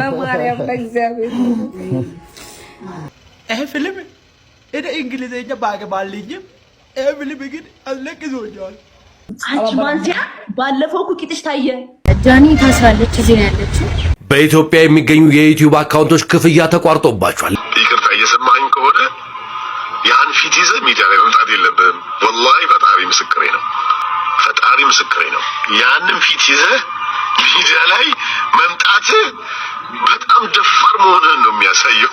በማርያም በእግዚአብሔር ፊልም እንግሊዝኛ ባልልኝም ይሄ ፊልም ግን አንቺ ማንቲያ ባለፈው ታየ። ጃኒ ታስራለች፣ እዚህ ነው ያለችው። በኢትዮጵያ የሚገኙ የዩቲዩብ አካውንቶች ክፍያ ተቋርጦባቸዋል። ይቅርታ እየሰማኝ ከሆነ ያን ፊት ይዘህ ሚዲያ ላይ መምጣት የለብህም። ወላሂ ፈጣሪ ምስክሬ ነው። ፈጣሪ ምስክሬ ነው። ያንም ፊት ይዘህ ሚዲያ ላይ መምጣት በጣም ደፋር መሆንህን ነው የሚያሳየው።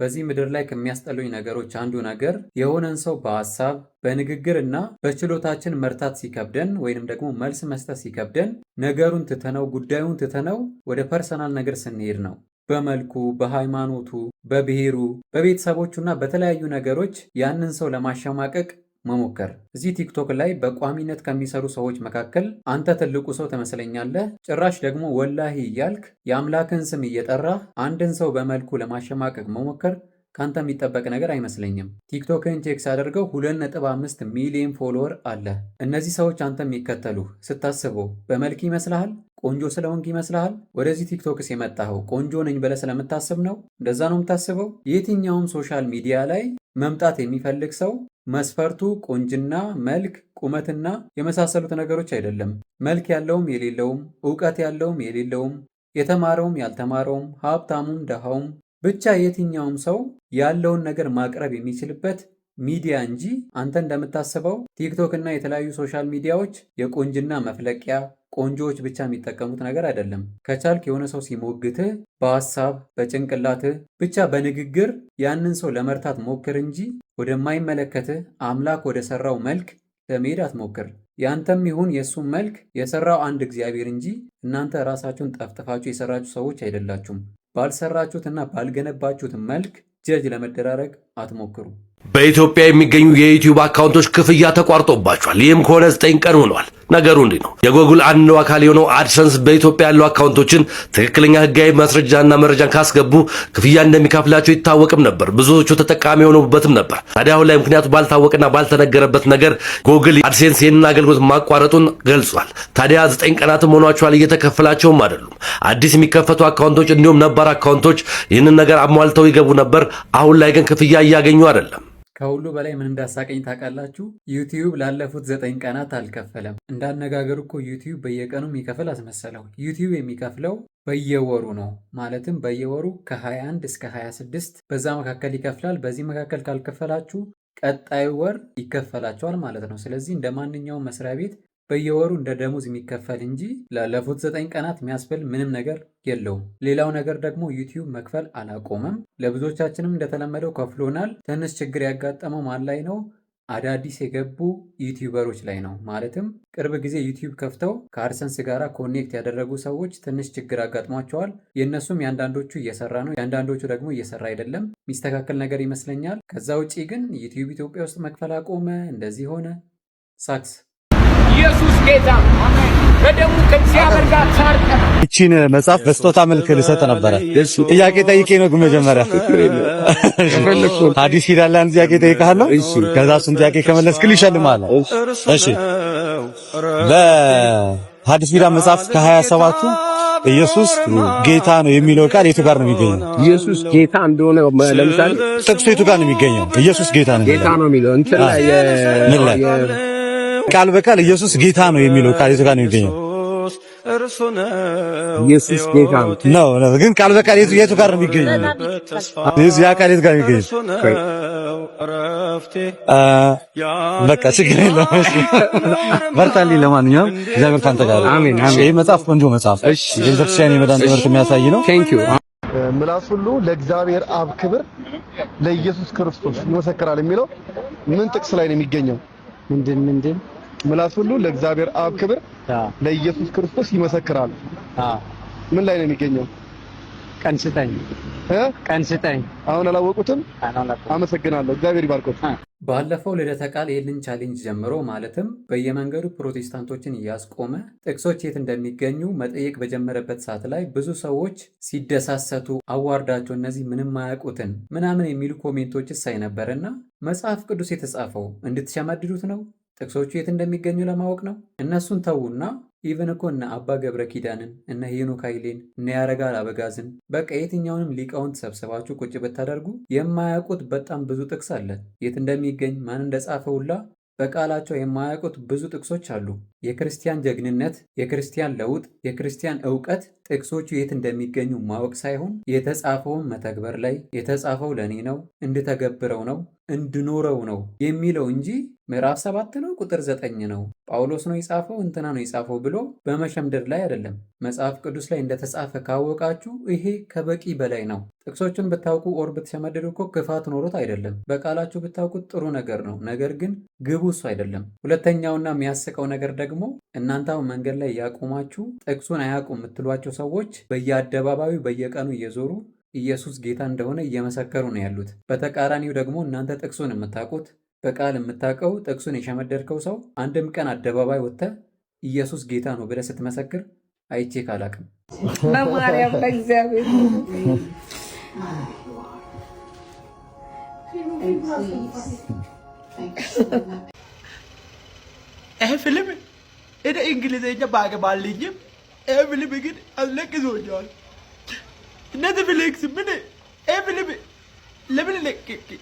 በዚህ ምድር ላይ ከሚያስጠሉኝ ነገሮች አንዱ ነገር የሆነን ሰው በሀሳብ በንግግር እና በችሎታችን መርታት ሲከብደን ወይንም ደግሞ መልስ መስጠት ሲከብደን ነገሩን ትተነው ጉዳዩን ትተነው ወደ ፐርሰናል ነገር ስንሄድ ነው። በመልኩ፣ በሃይማኖቱ፣ በብሔሩ፣ በቤተሰቦቹና በተለያዩ ነገሮች ያንን ሰው ለማሸማቀቅ መሞከር እዚህ ቲክቶክ ላይ በቋሚነት ከሚሰሩ ሰዎች መካከል አንተ ትልቁ ሰው ትመስለኛለህ፣ ጭራሽ ደግሞ ወላሂ እያልክ የአምላክን ስም እየጠራህ አንድን ሰው በመልኩ ለማሸማቀቅ መሞከር ከአንተ የሚጠበቅ ነገር አይመስለኝም። ቲክቶክን ቼክ ሳደርገው 2.5 ሚሊዮን ፎሎወር አለ። እነዚህ ሰዎች አንተ የሚከተሉ ስታስበው በመልክ ይመስልሃል? ቆንጆ ስለሆንክ ይመስልሃል? ወደዚህ ቲክቶክስ የመጣኸው ቆንጆ ነኝ ብለህ ስለምታስብ ነው? እንደዛ ነው የምታስበው? የትኛውም ሶሻል ሚዲያ ላይ መምጣት የሚፈልግ ሰው መስፈርቱ ቁንጅና፣ መልክ፣ ቁመትና የመሳሰሉት ነገሮች አይደለም። መልክ ያለውም የሌለውም፣ እውቀት ያለውም የሌለውም፣ የተማረውም ያልተማረውም፣ ሀብታሙም ደሃውም፣ ብቻ የትኛውም ሰው ያለውን ነገር ማቅረብ የሚችልበት ሚዲያ እንጂ አንተ እንደምታስበው ቲክቶክ እና የተለያዩ ሶሻል ሚዲያዎች የቁንጅና መፍለቂያ ቆንጆዎች ብቻ የሚጠቀሙት ነገር አይደለም። ከቻልክ የሆነ ሰው ሲሞግትህ በሀሳብ በጭንቅላትህ ብቻ በንግግር ያንን ሰው ለመርታት ሞክር እንጂ ወደማይመለከትህ አምላክ ወደ ሰራው መልክ ለመሄድ አትሞክር። ያንተም ይሁን የእሱም መልክ የሰራው አንድ እግዚአብሔር እንጂ እናንተ ራሳችሁን ጠፍጥፋችሁ የሰራችሁ ሰዎች አይደላችሁም። ባልሰራችሁትና ባልገነባችሁት መልክ ጀጅ ለመደራረግ አትሞክሩ። በኢትዮጵያ የሚገኙ የዩቲዩብ አካውንቶች ክፍያ ተቋርጦባቸዋል። ይህም ከሆነ ዘጠኝ ቀን ሆኗል። ነገሩ እንዲህ ነው። የጎግል አንዱ አካል የሆነው አድሰንስ በኢትዮጵያ ያሉ አካውንቶችን ትክክለኛ ህጋዊ ማስረጃና መረጃን ካስገቡ ክፍያ እንደሚከፍላቸው ይታወቅም ነበር። ብዙዎቹ ተጠቃሚ የሆኑበትም ነበር። ታዲያ አሁን ላይ ምክንያቱ ባልታወቀና ባልተነገረበት ነገር ጎግል አድሴንስ ይህንን አገልግሎት ማቋረጡን ገልጿል። ታዲያ ዘጠኝ ቀናትም ሆኗቸዋል፣ እየተከፈላቸውም አይደሉም። አዲስ የሚከፈቱ አካውንቶች እንዲሁም ነባር አካውንቶች ይህንን ነገር አሟልተው ይገቡ ነበር። አሁን ላይ ግን ክፍያ እያገኙ አይደለም። ከሁሉ በላይ ምን እንዳሳቀኝ ታውቃላችሁ? ዩቲዩብ ላለፉት ዘጠኝ ቀናት አልከፈለም። እንዳነጋገሩ እኮ ዩቲዩብ በየቀኑ የሚከፍል አስመሰለው። ዩቲዩብ የሚከፍለው በየወሩ ነው። ማለትም በየወሩ ከ21 እስከ 26 በዛ መካከል ይከፍላል። በዚህ መካከል ካልከፈላችሁ ቀጣይ ወር ይከፈላቸዋል ማለት ነው። ስለዚህ እንደ ማንኛውም መስሪያ ቤት በየወሩ እንደ ደሞዝ የሚከፈል እንጂ ላለፉት ዘጠኝ ቀናት የሚያስብል ምንም ነገር የለውም። ሌላው ነገር ደግሞ ዩቲዩብ መክፈል አላቆመም። ለብዙዎቻችንም እንደተለመደው ከፍሎናል። ትንሽ ችግር ያጋጠመው ማን ላይ ነው? አዳዲስ የገቡ ዩቲዩበሮች ላይ ነው። ማለትም ቅርብ ጊዜ ዩቲዩብ ከፍተው ከአድሰንስ ጋር ኮኔክት ያደረጉ ሰዎች ትንሽ ችግር አጋጥሟቸዋል። የእነሱም የአንዳንዶቹ እየሰራ ነው፣ የአንዳንዶቹ ደግሞ እየሰራ አይደለም። የሚስተካከል ነገር ይመስለኛል። ከዛ ውጪ ግን ዩቲዩብ ኢትዮጵያ ውስጥ መክፈል አቆመ፣ እንደዚህ ሆነ፣ ሳክስ ኢየሱስ ጌታ በደሙ ከእግዚአብሔር ጋር ታርቀናል። እቺን መጽሐፍ በስጦታ መልክ ልሰጥ ነበረ። ጥያቄ ጠይቄ ነው ግን መጀመሪያ ሐዲስ ኪዳን ላይ አንድ ጥያቄ ጠይቄሃለሁ። ከዛ እሱን ጥያቄ ከመለስክልኝ ይሸልምሃል። እሺ በሐዲስ ኪዳን መጽሐፍ ከሀያ ሰባቱ ኢየሱስ ጌታ ነው የሚለው ቃል የቱ ጋር ነው የሚገኘው? ኢየሱስ ጌታ እንደሆነ ለምሳሌ ጥቅሱ የቱ ጋር ነው የሚገኘው? ኢየሱስ ጌታ ነው ጌታ ነው የሚለው እንትን ላይ ቃል በቃል ኢየሱስ ጌታ ነው የሚለው ቃል የቱ ጋር ነው የሚገኘው? ኢየሱስ ጌታ ነው ነው፣ ግን ቃል በቃል የቱ የቱ ጋር ነው የሚገኘው? ኢየሱስ ያ ቃል የቱ ጋር ነው የሚገኘው? በቃ ችግር የለውም። በርታልኝ። ለማንኛውም እግዚአብሔር ካንተ ጋር አሜን፣ አሜን። ይሄ መጽሐፍ ቆንጆ መጽሐፍ፣ እሺ፣ የቤተክርስቲያን የመዳን ትምህርት የሚያሳይ ነው። ቴንክ ዩ ምላስ ሁሉ ለእግዚአብሔር አብ ክብር ለኢየሱስ ክርስቶስ ይመሰክራል የሚለው ምን ጥቅስ ላይ ነው የሚገኘው? ምንድን ምንድን ምላስ ሁሉ ለእግዚአብሔር አብ ክብር ለኢየሱስ ክርስቶስ ይመሰክራል። ምን ላይ ነው የሚገኘው? ቀን ስጠኝ እ ቀን ስጠኝ። አሁን አላወቁትም። አመሰግናለሁ። እግዚአብሔር ይባርኮት። ባለፈው ልደተ ቃል ይህንን ቻሌንጅ ጀምሮ ማለትም በየመንገዱ ፕሮቴስታንቶችን እያስቆመ ጥቅሶች የት እንደሚገኙ መጠየቅ በጀመረበት ሰዓት ላይ ብዙ ሰዎች ሲደሳሰቱ አዋርዳቸው እነዚህ ምንም አያውቁትን ምናምን የሚሉ ኮሜንቶች ሳይ ነበርና መጽሐፍ ቅዱስ የተጻፈው እንድትሸመድዱት ነው? ጥቅሶቹ የት እንደሚገኙ ለማወቅ ነው? እነሱን ተዉና ኢቨን እኮ እነ አባ ገብረ ኪዳንን እነ ሄኖክ ኃይሌን እነ ያረጋል አበጋዝን በቃ የትኛውንም ሊቃውንት ሰብስባችሁ ቁጭ ብታደርጉ የማያውቁት በጣም ብዙ ጥቅስ አለ። የት እንደሚገኝ ማን እንደጻፈ ሁላ በቃላቸው የማያውቁት ብዙ ጥቅሶች አሉ። የክርስቲያን ጀግንነት፣ የክርስቲያን ለውጥ፣ የክርስቲያን እውቀት ጥቅሶቹ የት እንደሚገኙ ማወቅ ሳይሆን የተጻፈውን መተግበር ላይ የተጻፈው ለእኔ ነው እንድተገብረው ነው እንድኖረው ነው የሚለው እንጂ ምዕራፍ ሰባት ነው ቁጥር ዘጠኝ ነው ጳውሎስ ነው የጻፈው እንትና ነው የጻፈው ብሎ በመሸምደድ ላይ አይደለም። መጽሐፍ ቅዱስ ላይ እንደተጻፈ ካወቃችሁ ይሄ ከበቂ በላይ ነው። ጥቅሶቹን ብታውቁ ኦር ብትሸመድዱ እኮ ክፋት ኖሮት አይደለም። በቃላችሁ ብታውቁት ጥሩ ነገር ነው። ነገር ግን ግቡ እሱ አይደለም። ሁለተኛውና የሚያስቀው ነገር ደግሞ እናንተው መንገድ ላይ ያቆማችሁ ጥቅሱን አያውቁም የምትሏቸው ሰዎች በየአደባባዩ በየቀኑ እየዞሩ ኢየሱስ ጌታ እንደሆነ እየመሰከሩ ነው ያሉት። በተቃራኒው ደግሞ እናንተ ጥቅሱን የምታውቁት በቃል የምታውቀው ጥቅሱን የሸመደድከው ሰው አንድም ቀን አደባባይ ወጥተህ ኢየሱስ ጌታ ነው ብለህ ስትመሰክር አይቼ ካላቅም በማርያም በእግዚአብሔር ይህ ፊልም እኔ እንግሊዝኛ ባገባልኝም ይህ ፊልም ግን አስለቅሶኛል። Ne demeleksin beni? Evli mi? Lemin lekkeki.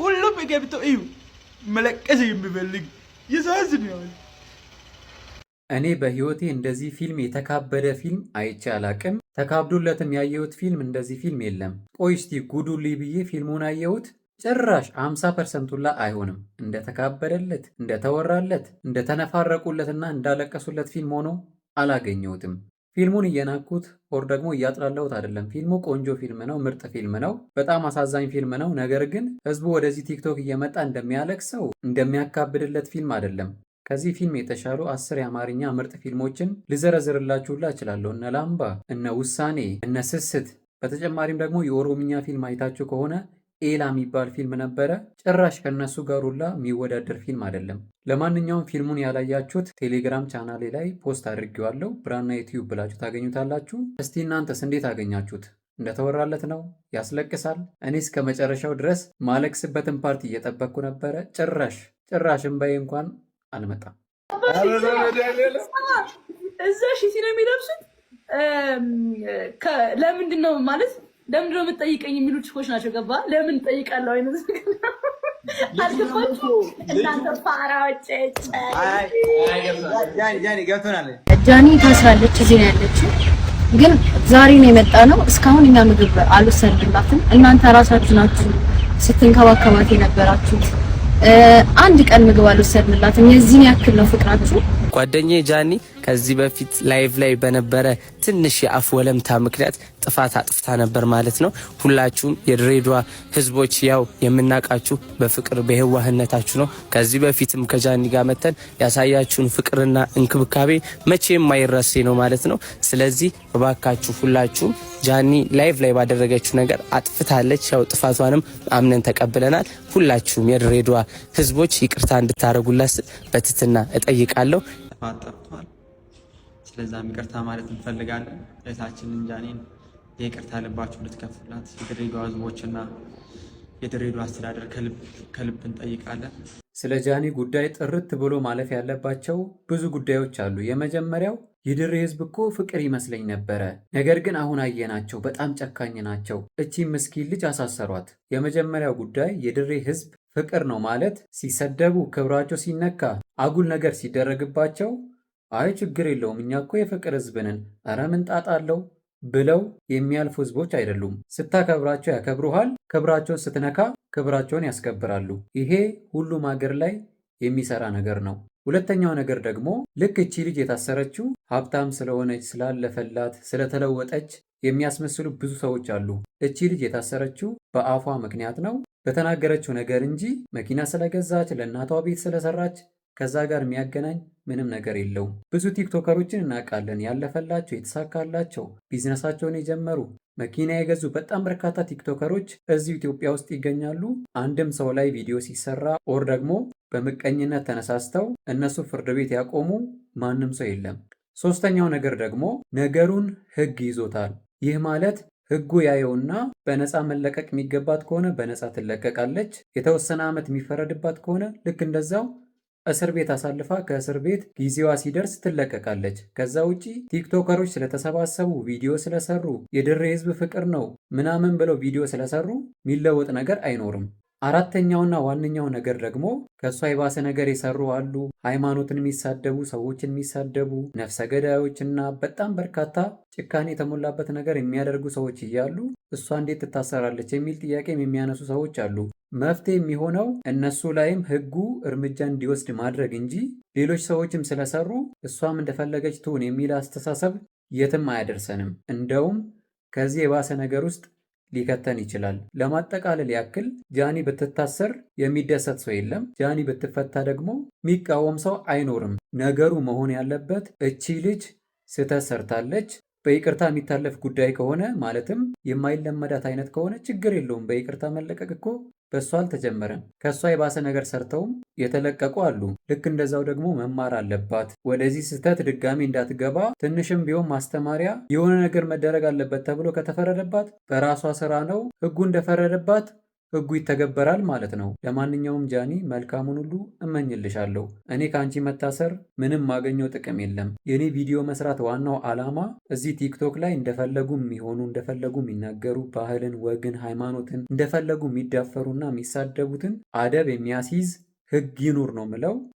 ሁሉም ገብቶ እዩ መለቀስ የሚፈልግ ያሳዝናል። እኔ በህይወቴ እንደዚህ ፊልም የተካበደ ፊልም አይቼ አላቅም። ተካብዶለትም ያየሁት ፊልም እንደዚህ ፊልም የለም። ቆይ እስቲ ጉዱሊ ብዬ ፊልሙን አየሁት። ጭራሽ 50 ፐርሰንቱን ላይ አይሆንም። እንደተካበደለት፣ እንደተወራለት፣ እንደተነፋረቁለትና እንዳለቀሱለት ፊልም ሆኖ አላገኘሁትም። ፊልሙን እየናኩት ኦር ደግሞ እያጥላለሁት አይደለም። ፊልሙ ቆንጆ ፊልም ነው፣ ምርጥ ፊልም ነው፣ በጣም አሳዛኝ ፊልም ነው። ነገር ግን ህዝቡ ወደዚህ ቲክቶክ እየመጣ እንደሚያለቅሰው እንደሚያካብድለት ፊልም አይደለም። ከዚህ ፊልም የተሻሉ አስር የአማርኛ ምርጥ ፊልሞችን ልዘረዝርላችሁላ እችላለሁ። እነ ላምባ፣ እነ ውሳኔ፣ እነ ስስት በተጨማሪም ደግሞ የኦሮምኛ ፊልም አይታችሁ ከሆነ ኤላ የሚባል ፊልም ነበረ። ጭራሽ ከነሱ ጋር ሁላ የሚወዳደር ፊልም አይደለም። ለማንኛውም ፊልሙን ያላያችሁት ቴሌግራም ቻናሌ ላይ ፖስት አድርጌዋለሁ። ብራና ዩቲዩብ ብላችሁ ታገኙታላችሁ። እስቲ እናንተስ እንዴት አገኛችሁት? እንደተወራለት ነው? ያስለቅሳል? እኔ እስከ መጨረሻው ድረስ ማለቅስበትን ፓርቲ እየጠበቅኩ ነበረ። ጭራሽ ጭራሽ በይ እንኳን አልመጣም። እዛ ነው የሚለብሱት። ለምንድን ነው ማለት ለምን ነው የምትጠይቀኝ? የሚሉ ችኮች ናቸው። ገባ ለምን ጠይቃለሁ አይነት ጃኒ ታስራለች፣ እዚህ ነው ያለችው። ግን ዛሬ ነው የመጣ ነው። እስካሁን እኛ ምግብ አልወሰድላትም። እናንተ ራሳችሁ ናችሁ ስትንከባከባት የነበራችሁት። አንድ ቀን ምግብ አልወሰድንላትም። የዚህን ያክል ነው ፍቅራችሁ። ጓደኛዬ ጃኒ ከዚህ በፊት ላይቭ ላይ በነበረ ትንሽ የአፍ ወለምታ ምክንያት ጥፋት አጥፍታ ነበር ማለት ነው። ሁላችሁም የድሬዷ ህዝቦች ያው የምናውቃችሁ በፍቅር በህዋህነታችሁ ነው። ከዚህ በፊትም ከጃኒ ጋር መተን ያሳያችሁን ፍቅርና እንክብካቤ መቼም የማይረሴ ነው ማለት ነው። ስለዚህ እባካችሁ ሁላችሁም ጃኒ ላይቭ ላይ ባደረገችው ነገር አጥፍታለች። ያው ጥፋቷንም አምነን ተቀብለናል። ሁላችሁም የድሬዷ ህዝቦች ይቅርታ እንድታደረጉላት በትትና እጠይቃለሁ። ስለዛም ይቅርታ ማለት እንፈልጋለን። እህታችን እንጃኔን የይቅርታ ልባችሁ እንድትከፍላት የድሬዳዋ ሕዝቦችና የድሬዳዋ አስተዳደር ከልብ እንጠይቃለን። ስለ ጃኒ ጉዳይ ጥርት ብሎ ማለፍ ያለባቸው ብዙ ጉዳዮች አሉ። የመጀመሪያው የድሬ ህዝብ እኮ ፍቅር ይመስለኝ ነበረ፣ ነገር ግን አሁን አየናቸው፣ በጣም ጨካኝ ናቸው። እቺ ምስኪን ልጅ አሳሰሯት። የመጀመሪያው ጉዳይ የድሬ ህዝብ ፍቅር ነው ማለት ሲሰደቡ፣ ክብራቸው ሲነካ፣ አጉል ነገር ሲደረግባቸው አይ ችግር የለውም እኛ እኮ የፍቅር ህዝብ ነን፣ አረ ምን ጣጣ አለው ብለው የሚያልፉ ህዝቦች አይደሉም። ስታከብራቸው ያከብሩሃል፣ ክብራቸውን ስትነካ ክብራቸውን ያስከብራሉ። ይሄ ሁሉም ሀገር ላይ የሚሰራ ነገር ነው። ሁለተኛው ነገር ደግሞ ልክ እቺ ልጅ የታሰረችው ሀብታም ስለሆነች ስላለፈላት፣ ስለተለወጠች የሚያስመስሉ ብዙ ሰዎች አሉ። እቺ ልጅ የታሰረችው በአፏ ምክንያት ነው በተናገረችው ነገር እንጂ መኪና ስለገዛች፣ ለእናቷ ቤት ስለሰራች ከዛ ጋር የሚያገናኝ ምንም ነገር የለውም። ብዙ ቲክቶከሮችን እናውቃለን፣ ያለፈላቸው፣ የተሳካላቸው፣ ቢዝነሳቸውን የጀመሩ መኪና የገዙ በጣም በርካታ ቲክቶከሮች እዚሁ ኢትዮጵያ ውስጥ ይገኛሉ። አንድም ሰው ላይ ቪዲዮ ሲሰራ ኦር ደግሞ በምቀኝነት ተነሳስተው እነሱ ፍርድ ቤት ያቆሙ ማንም ሰው የለም። ሶስተኛው ነገር ደግሞ ነገሩን ህግ ይዞታል። ይህ ማለት ህጉ ያየውና በነፃ መለቀቅ የሚገባት ከሆነ በነፃ ትለቀቃለች። የተወሰነ ዓመት የሚፈረድባት ከሆነ ልክ እንደዛው እስር ቤት አሳልፋ ከእስር ቤት ጊዜዋ ሲደርስ ትለቀቃለች። ከዛ ውጪ ቲክቶከሮች ስለተሰባሰቡ ቪዲዮ ስለሰሩ የድሬ ህዝብ ፍቅር ነው ምናምን ብለው ቪዲዮ ስለሰሩ የሚለወጥ ነገር አይኖርም። አራተኛውና ዋነኛው ነገር ደግሞ ከእሷ የባሰ ነገር የሰሩ አሉ። ሃይማኖትን የሚሳደቡ ሰዎችን የሚሳደቡ ነፍሰ ገዳዮች እና በጣም በርካታ ጭካኔ የተሞላበት ነገር የሚያደርጉ ሰዎች እያሉ እሷ እንዴት ትታሰራለች የሚል ጥያቄም የሚያነሱ ሰዎች አሉ። መፍትሄ የሚሆነው እነሱ ላይም ህጉ እርምጃ እንዲወስድ ማድረግ እንጂ ሌሎች ሰዎችም ስለሰሩ እሷም እንደፈለገች ትሁን የሚል አስተሳሰብ የትም አያደርሰንም። እንደውም ከዚህ የባሰ ነገር ውስጥ ሊከተን ይችላል። ለማጠቃለል ያክል ጃኒ ብትታሰር የሚደሰት ሰው የለም። ጃኒ ብትፈታ ደግሞ የሚቃወም ሰው አይኖርም። ነገሩ መሆን ያለበት እቺ ልጅ ስህተት ሰርታለች በይቅርታ የሚታለፍ ጉዳይ ከሆነ ማለትም የማይለመዳት አይነት ከሆነ ችግር የለውም። በይቅርታ መለቀቅ እኮ በእሷ አልተጀመረም። ከእሷ የባሰ ነገር ሰርተውም የተለቀቁ አሉ። ልክ እንደዛው ደግሞ መማር አለባት። ወደዚህ ስህተት ድጋሚ እንዳትገባ ትንሽም ቢሆን ማስተማሪያ የሆነ ነገር መደረግ አለበት ተብሎ ከተፈረደባት በራሷ ስራ ነው ህጉ እንደፈረደባት ህጉ ይተገበራል ማለት ነው። ለማንኛውም ጃኒ መልካሙን ሁሉ እመኝልሻለሁ። እኔ ከአንቺ መታሰር ምንም ማገኘው ጥቅም የለም። የእኔ ቪዲዮ መስራት ዋናው ዓላማ እዚህ ቲክቶክ ላይ እንደፈለጉ የሚሆኑ እንደፈለጉ የሚናገሩ ባህልን፣ ወግን፣ ሃይማኖትን እንደፈለጉ የሚዳፈሩና የሚሳደቡትን አደብ የሚያስይዝ ህግ ይኑር ነው ምለው።